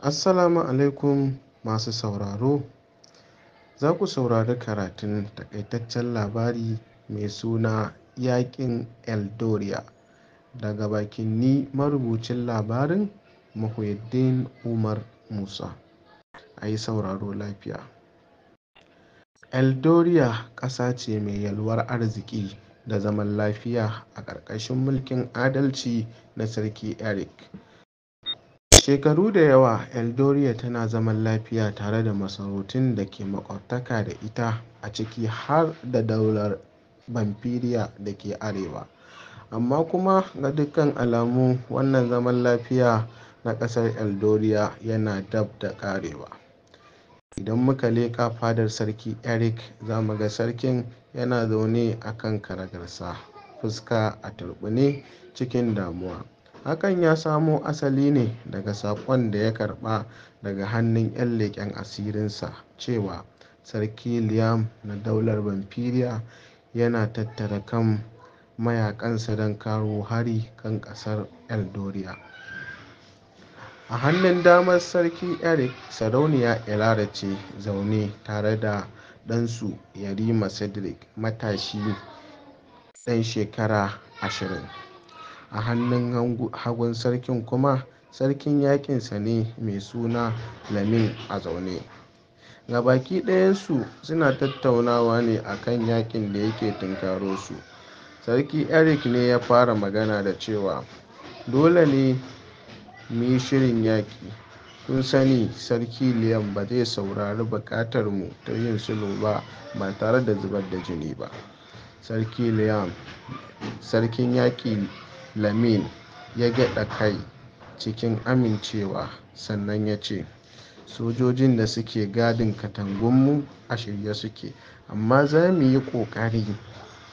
Assalamu alaikum masu sauraro. Za ku saurari karatun takaitaccen labari mai suna Yaƙin eldoria daga bakin ni marubucin labarin Muhyiddin Umar Musa. A yi sauraro lafiya. Eldoria ƙasa ce mai yalwar arziki da zaman lafiya a ƙarƙashin mulkin adalci na Sarki Eric. Shekaru da yawa, Eldoriya tana zaman lafiya tare da masarautun da ke makwabtaka da ita, a ciki har da daular Banfiriya da ke arewa, amma kuma ga dukkan alamu wannan zaman lafiya na ƙasar Eldoriya yana dab da ƙarewa. Idan muka leƙa fadar Sarki Eric, zamu ga sarkin yana zaune a kan karagarsa, fuska a turɓune cikin damuwa. Hakan ya samo asali ne daga saƙon da ya karɓa daga hannun 'yan leƙen asirinsa cewa Sarki Liam na Daular Vampiriya yana tattara kan mayaƙansa don karo hari kan ƙasar Eldoriya. A hannun damar Sarki Eric, Sarauniya Elara ce zaune tare da ɗansu Yarima Cedric, matashi ɗan shekara ashirin. a hannun hagun sarkin kuma sarkin yaƙinsa ne mai suna lamin a zaune baki ɗayansu suna tattaunawa ne a kan yaƙin da yake tunkaro su sarki eric ne ya fara magana da cewa dole ne mu yi shirin yaƙi kun sani sarki liam ba zai saurari mu ta yin sulhu ba ba tare da zubar da jini ba sarki liam sarkin yaƙi Lamin ya gyada kai cikin amincewa sannan ya ce sojojin da suke gadin katangunmu a shirye suke amma za mu yi ƙoƙari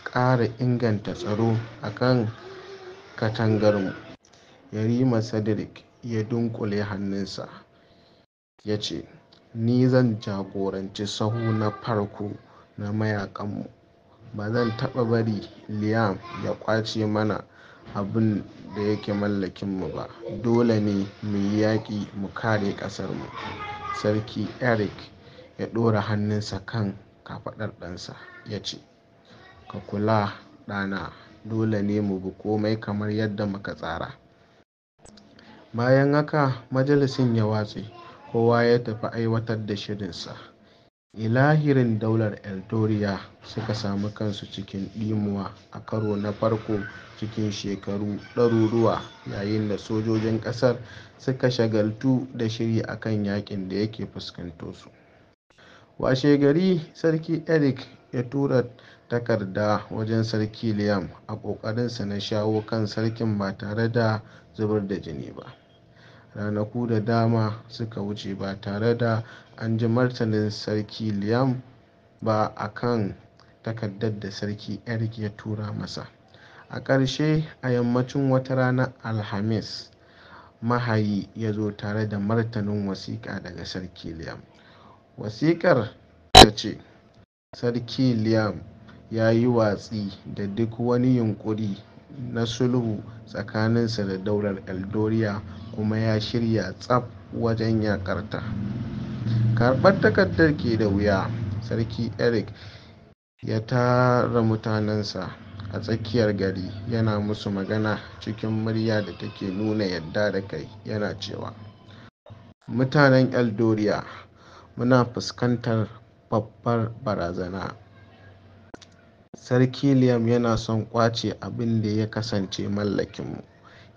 ƙara inganta tsaro a kan katangarmu yarima cedric ya dunkule hannunsa ya ce ni zan jagoranci sahu na farko na mayakanmu. ba zan taɓa bari liam ya ƙwace mana abin da mallakin mu ba dole ne mu yi yaƙi mu kare mu, sarki eric ya ɗora hannunsa kan kafaɗar ɗansa ya ce ka kula ɗana dole ne mu bi komai kamar yadda muka tsara bayan haka majalisin ya watse kowa ya tafi aiwatar da shirinsa ilahirin daular eldoriya suka sami kansu cikin ɗimuwa a karo na farko cikin shekaru ɗaruruwa yayin da sojojin ƙasar suka shagaltu da shiri akan yakin da yake su fuskantarsu gari sarki eric ya tura takarda wajen sarki liam a ƙoƙarinsa na shawo kan sarkin ba tare da zubar da jini ba ranaku da dama suka wuce ba tare da an ji martanin sarki liam ba a kan takardar da sarki eric ya tura masa a ƙarshe a yammacin wata ranar alhamis mahayi ya zo tare da martanin wasiƙa daga sarki liam wasiƙar ta ce sarki liam ya yi watsi da duk wani yunƙuri na sulhu tsakaninsa da daular eldoriya kuma ya shirya tsaf wajen yakarta karɓar takardar ke da wuya sarki eric ya tara mutanensa a tsakiyar gari yana musu magana cikin murya da take nuna yadda da kai yana cewa mutanen eldoriya muna fuskantar babbar barazana Sarki Liam yana son kwace abin da ya kasance mallakinmu,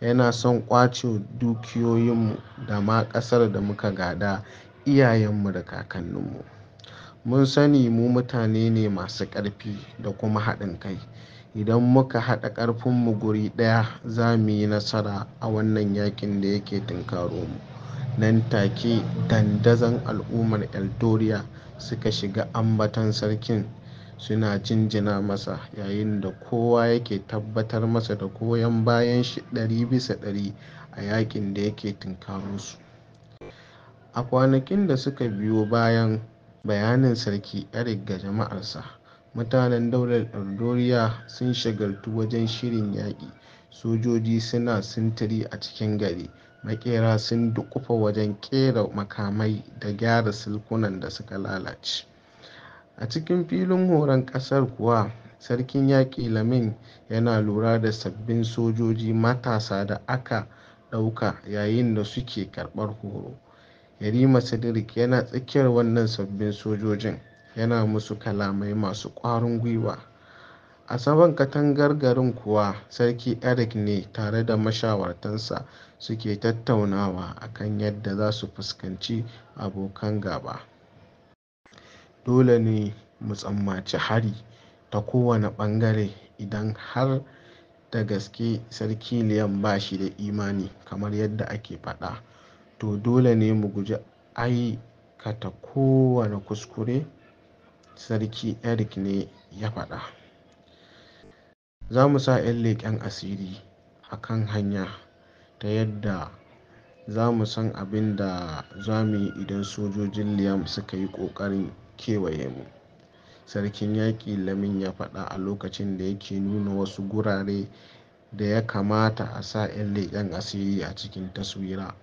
yana son ƙwace dukiyoyinmu da ma ƙasar da muka gada iyayenmu da kakanninmu. Mun sani mu mutane ne masu ƙarfi da kuma haɗin kai. Idan muka haɗa ƙarfinmu guri ɗaya, za mu yi nasara a wannan yaƙin da yake mu Nan take dandazon al'ummar Eldoriya suka shiga ambaton sarkin suna jinjina masa yayin da kowa yake tabbatar masa da goyon bayan shi ɗari bisa ɗari a yaƙin da yake su a kwanakin da suka biyo bayan bayanin sarki eric ga jama'arsa mutanen daular ardoriya sun shagaltu wajen shirin yaƙi sojoji suna sintiri a cikin gari makera sun dukufa wajen ƙera makamai da gyara silkunan da suka lalace A cikin filin horon ƙasar kuwa, Sarkin Yaƙi Lamin yana lura da sabbin sojoji matasa da aka ɗauka yayin da suke karɓar horo, Yarima Sidirik yana tsakiyar wannan sabbin sojojin, yana musu kalamai masu ƙwarin gwiwa. A saman katangar garin kuwa, Sarki Erik ne tare da mashawartansa suke tattaunawa a kan yadda za su fuskanci abokan gaba. dole ne mu tsammaci hari ta kowane ɓangare idan har da gaske sarki Liam ba shi da imani kamar yadda ake faɗa. To dole ne mu guji aikata kowane kuskure, Sarki Eric ne ya faɗa. Za mu sa 'yan leƙen asiri a kan hanya ta yadda za mu san abin da za mu yi idan sojojin Liam suka yi ƙoƙarin kewaye mu sarkin yaƙi lamin ya faɗa a lokacin da yake nuna wasu gurare da ya kamata a sa 'yan leƙen asiri a cikin taswira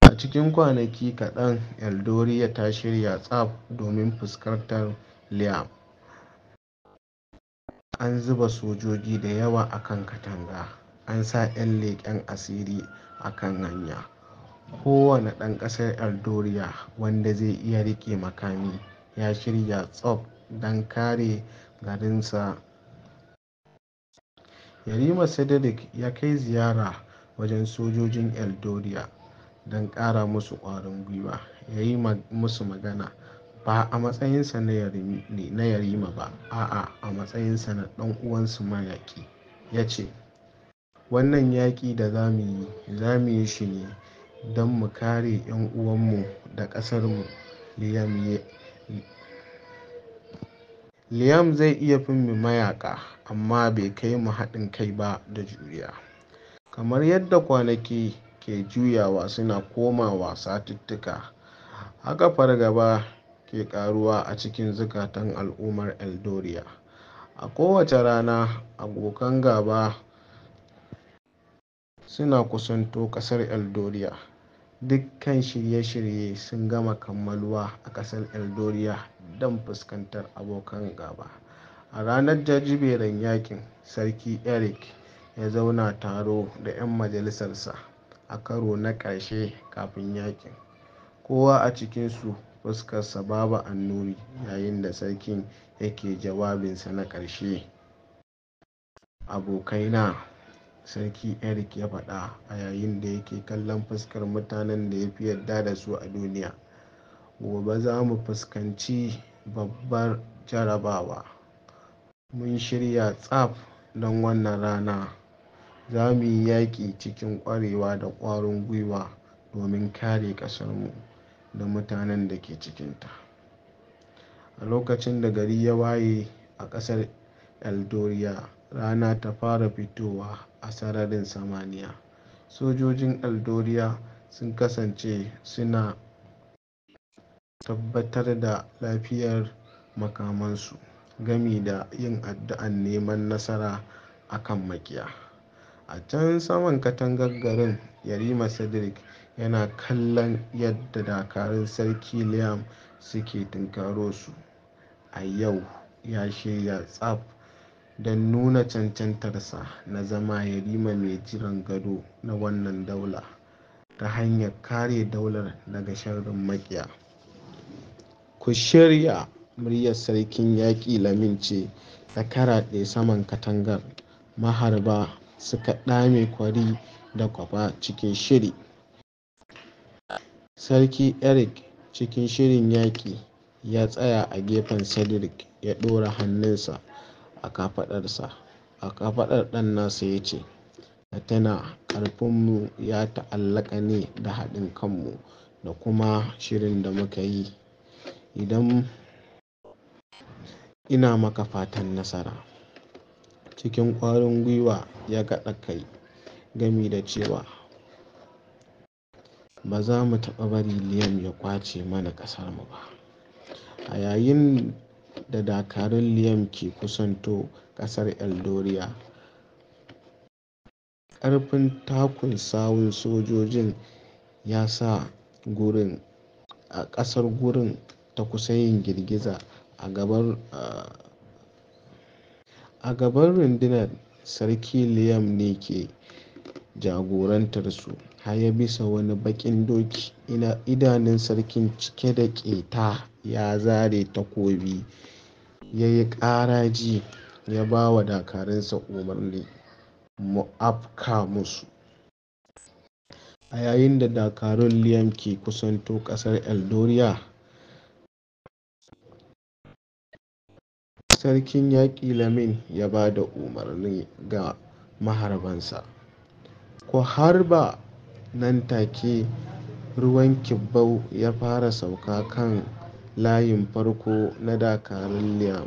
a cikin kwanaki kaɗan eldoriya ta shirya tsaf domin fuskantar liam an zuba sojoji da yawa a kan katanga an sa 'yan leƙen asiri a kan hanya kowane ɗan ƙasar eldoriya wanda zai iya riƙe makami ya shirya tsof don kare garinsa yarima sadadik ya kai ziyara wajen sojojin Eldoria don ƙara musu ƙwarin gwiwa ya yi musu magana ba a matsayinsa na yarima ba a'a a matsayinsa na ɗan uwansu yaki ya ce wannan yaƙi da za mu yi za mu yi shi ne don mu kare 'yan uwanmu da ƙasarmu liyamiye liam zai iya fin mu mayaƙa amma bai kai mu haɗin kai ba da juriya kamar yadda kwanaki ke juyawa suna komawa satuttuka haka fargaba ke ƙaruwa a cikin zukatan al'ummar Eldoria, a kowace rana abokan gaba suna kusanto ƙasar Eldoria. Dukkan shirye-shirye sun gama kammaluwa a ƙasar eldoria don fuskantar abokan gaba. A ranar jajiberin yaƙin, Sarki Erik ya zauna taro da 'yan majalisarsa a karo na ƙarshe kafin yaƙin, kowa a cikinsu fuskarsa babu annuri yayin da sarkin yake jawabinsa na ƙarshe: “Abokaina. Sarki Eric ya faɗa a yayin da yake kallon fuskar mutanen da ya fi yarda da su a duniya. Gobe za mu fuskanci babbar jarabawa. Mun shirya tsaf don wannan rana. Za mu yi yaƙi cikin ƙwarewa da ƙwarin gwiwa domin kare ƙasarmu da mutanen da ke cikinta. A lokacin da gari ya waye a ƙasar Eldoriya, rana ta fara fitowa a sararin samaniya sojojin aldoriya sun kasance suna tabbatar da lafiyar makamansu gami da yin addu'an neman nasara a kan maƙiya a can saman katangar garin yarima cedric yana kallon yadda dakarun sarki liam suke tunkaro su a yau ya shirya tsaf don nuna cancantarsa na zama yarima mai jiran gado na wannan daula ta hanyar kare daular daga sharrin maƙiya ku shirya muryar sarkin yaƙi lamin ce ta karaɗe saman katangar maharba suka ɗame kwari da kwafa cikin shiri sarki eric cikin shirin yaƙi ya tsaya a gefen cedric ya ɗora hannunsa a a kafaɗar ɗan nasa ya ce tana tuna ƙarfinmu ya ta'allaka ne da haɗin kanmu da kuma shirin da muka yi idan ina maka fatan nasara cikin ƙwarin gwiwa ya gaɗa kai gami da cewa ba za mu taɓa bari liam ya kwace mana ƙasarmu ba a yayin da dakarun liam ke kusanto ƙasar eldoria ƙarfin takun sawun sojojin ya sa a ƙasar gurin ta kusa yin girgiza a gaban rundunar sarki liam ne ke jagorantar su ya bisa wani baƙin doki idanun sarkin cike da ƙeta ya zare takobi ya yi ƙaraji ya ba wa dakarunsa umarni mu afka musu a yayin da dakarun liam ke kusanto ƙasar eldoria sarkin yaƙi lamin ya ba da umarni ga maharbansa ku harba nan take ruwan kibbau ya fara sauka kan layin farko na dakarun Liam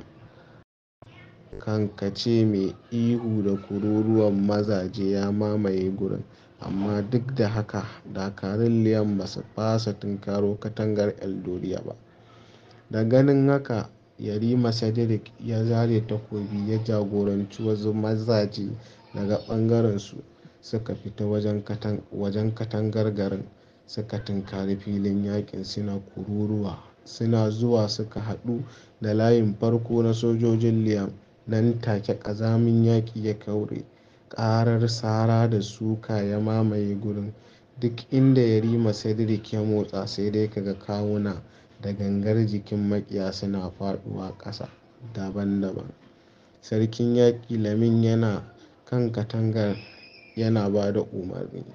Kankace mai ihu da kururuwan mazaje ya mamaye gurin, amma duk da haka dakarun Liam ba su fasa tunkaro katangar Eldoriya ba. Da ganin haka, Yarima Cedric ya zare takobi ya jagoranci wasu mazaje daga bangaren su suka fita wajen katangar garin, suka tunkari filin yakin suna kururuwa. suna zuwa suka haɗu da layin farko na sojojin Liam. Nan take ƙazamin yaƙi ya kaure, ƙarar sara da suka ya mamaye gurin. Duk inda Yarima Cedric ya motsa sai dai kaga kawuna da gangar jikin maƙiya suna faɗuwa ƙasa daban-daban. Sarkin Yaƙi Lamin yana kan katangar yana ba da umarni.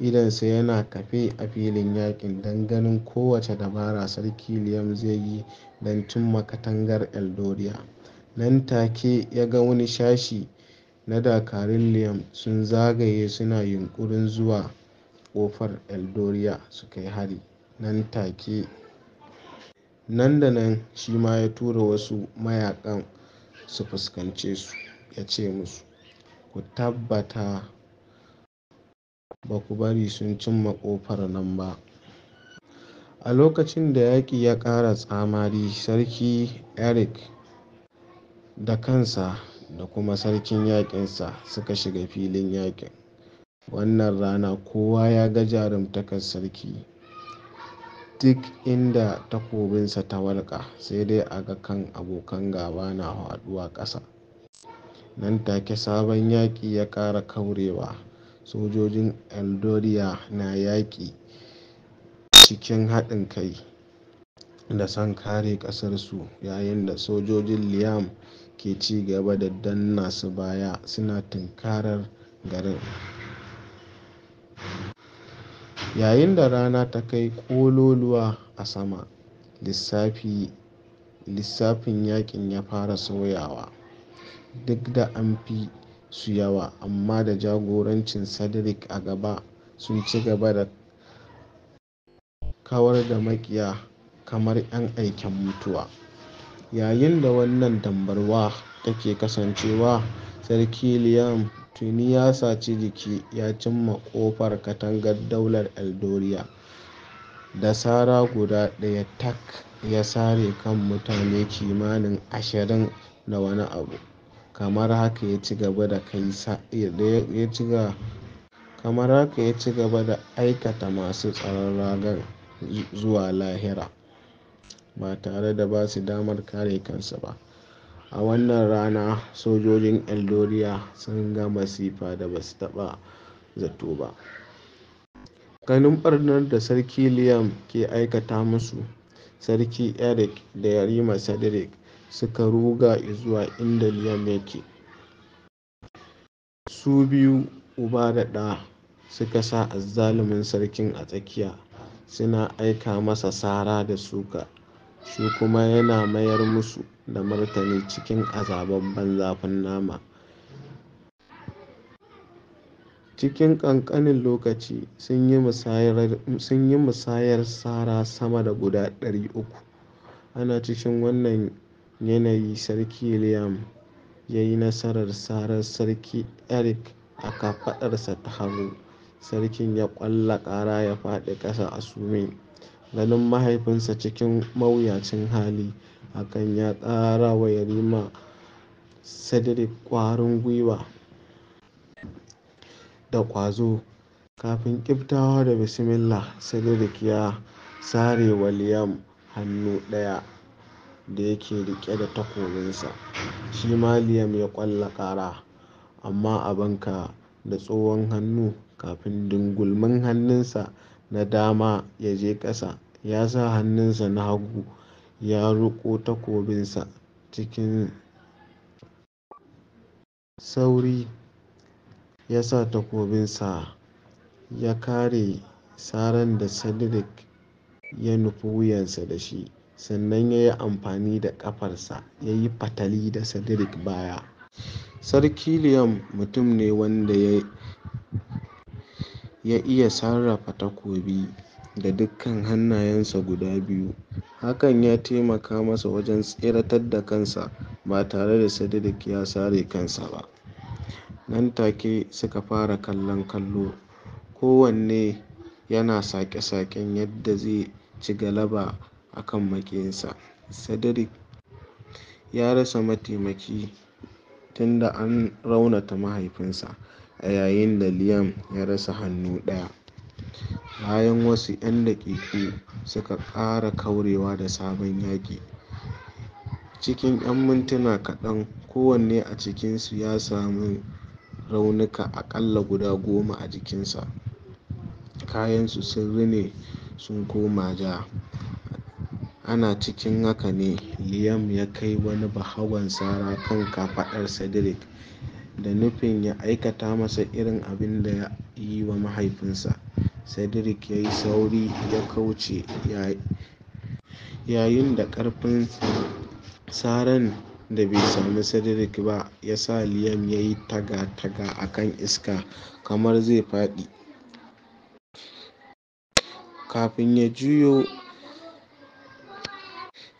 idonsa yana kafe a filin yakin don ganin kowace dabara Sarki Liam zai yi don cimma katangar eldoria Nan take ya ga wani shashi na dakarun Liam sun zagaye suna yunkurin zuwa kofar Eldoriya su kai hari nan take. Nan da nan shi ma ya tura wasu mayakan su fuskance su, ya ce musu, "Ku tabbata ba ku bari sun cimma ƙofar nan ba a lokacin da yaƙi ya ƙara tsamari sarki eric da kansa da kuma sarkin yaƙinsa suka shiga filin yaƙin wannan rana kowa ya ga jarumtakar sarki duk inda takobinsa ta walƙa sai dai a ga kan abokan gaba na haɗuwa ƙasa nan take sabon yaƙi ya ƙara kaurewa Sojojin eldoria na yaƙi cikin haɗin kai da son kare ƙasarsu, yayin da sojojin Liam ke ci gaba da danna su baya suna tunkarar garin. Yayin da rana ta kai ƙololuwa a sama, lissafin yaƙin ya fara sauyawa. Duk da an fi su yawa amma da jagorancin cedric a gaba sun ci gaba da kawar da maƙiya kamar 'yan aikin mutuwa yayin da wannan tambarwa take kasancewa sarki liam tuni ya saci jiki ya cimma ƙofar katangar daular eldoriya da sara guda ɗaya tak ya sare kan mutane kimanin ashirin da wani abu kamar haka ya ci gaba da aikata masu tsaron ragar zuwa lahira ba tare da ba su damar kare kansu ba a wannan rana sojojin eldoriya sun ga masifa da ba su taba zato ba ganin barnar da sarki liam ke aikata musu sarki eric da yarima cedric suka ruga izuwa inda Liam yake. Su biyu uba da ɗa suka sa azzalumin sarkin a tsakiya, suna aika masa sara da suka, su kuma yana mayar musu da martani cikin ban zafin nama. Cikin ƙanƙanin lokaci sun yi musayar sara sama da guda ɗari Ana cikin wannan yanayi Sarki Liam ya yi nasarar sarar Sarki erik a kafaɗarsa ta hagu, sarkin ya ƙwalla ƙara ya faɗi ƙasa a sume, ganin mahaifinsa cikin mawuyacin hali, hakan ya ƙara wa Yarima Cedric ƙwarin gwiwa da ƙwazo. Kafin kiftawa da bismillah Cedric ya sare wa Liam hannu ɗaya. da yake riƙe da takobinsa. Shi ma Liam ya ƙwalla ƙara, amma Abanka da tsohon hannu kafin dungulmin hannunsa na dama ya je ƙasa, ya sa hannunsa na hagu ya riko takobinsa cikin sauri ya sa takobinsa ya kare saran da Cedric ya nufi wuyansa da shi. sannan ya yi amfani da ƙafarsa ya yi fatali da Cedric baya. Sarki mutum ne wanda ya iya sarrafa takobi da dukkan hannayensa guda biyu, hakan ya taimaka masa wajen tseratar da kansa ba tare da Cedric ya sare kansa ba. Nan take suka fara kallon kallo, kowanne yana sake-saken yadda zai ci galaba a kan maƙiyinsa. Cedric ya rasa mataimaki tunda an raunata mahaifinsa a yayin da Liam ya rasa hannu ɗaya. Bayan wasu 'yan daƙiƙu suka ƙara kaurewa da sabon yaƙi. Cikin 'yan mintuna kaɗan kowanne a cikinsu ya sami raunuka aƙalla guda goma a jikinsa. Kayansu sun rine sun koma ja. Ana cikin haka ne Liam ya kai wani bahagon sara kan kafaɗar Cedric da nufin ya aikata masa irin abin da ya yi wa mahaifinsa. Cedric ya yi sauri ya kauce yayin da ƙarfin saran da bai sami Cedric ba ya sa Liam ya yi taga-taga a kan iska kamar zai faɗi. Kafin ya juyo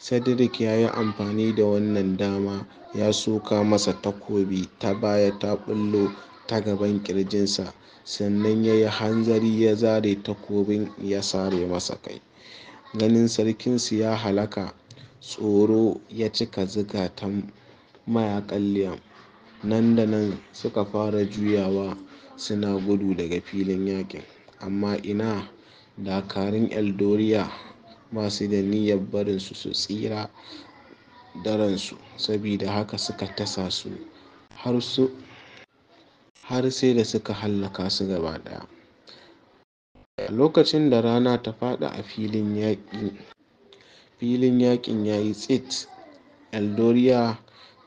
Cedric ya yi amfani da wannan dama ya soka masa takobi ta baya ta bullo ta gaban ƙirjinsa sannan ya yi hanzari ya zare takobin ya sare masa kai. Ganin sarkinsu ya halaka tsoro ya cika zigatan mayakan Liam. Nan da nan suka fara juyawa suna gudu daga filin yakin Amma ina dakarun Eldoriya masu da niyyar barinsu su tsira daransu ransu sabida haka suka tasa su har sai da suka hallaka su gaba ɗaya lokacin da rana ta faɗi a filin yakin ya yi tsit eldoriya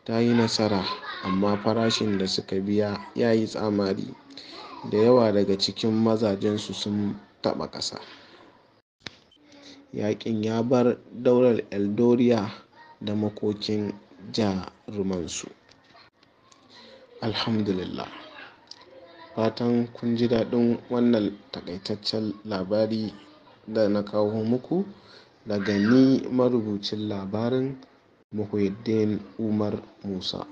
ta yi nasara amma farashin da suka biya ya yi tsamari da yawa daga cikin mazajensu sun taɓa ƙasa yaƙin ya bar daular eldoriya da makokin jarumansu alhamdulillah fatan kun ji daɗin wannan takaitaccen labari da na kawo muku daga ni marubucin labarin muhuddin umar musa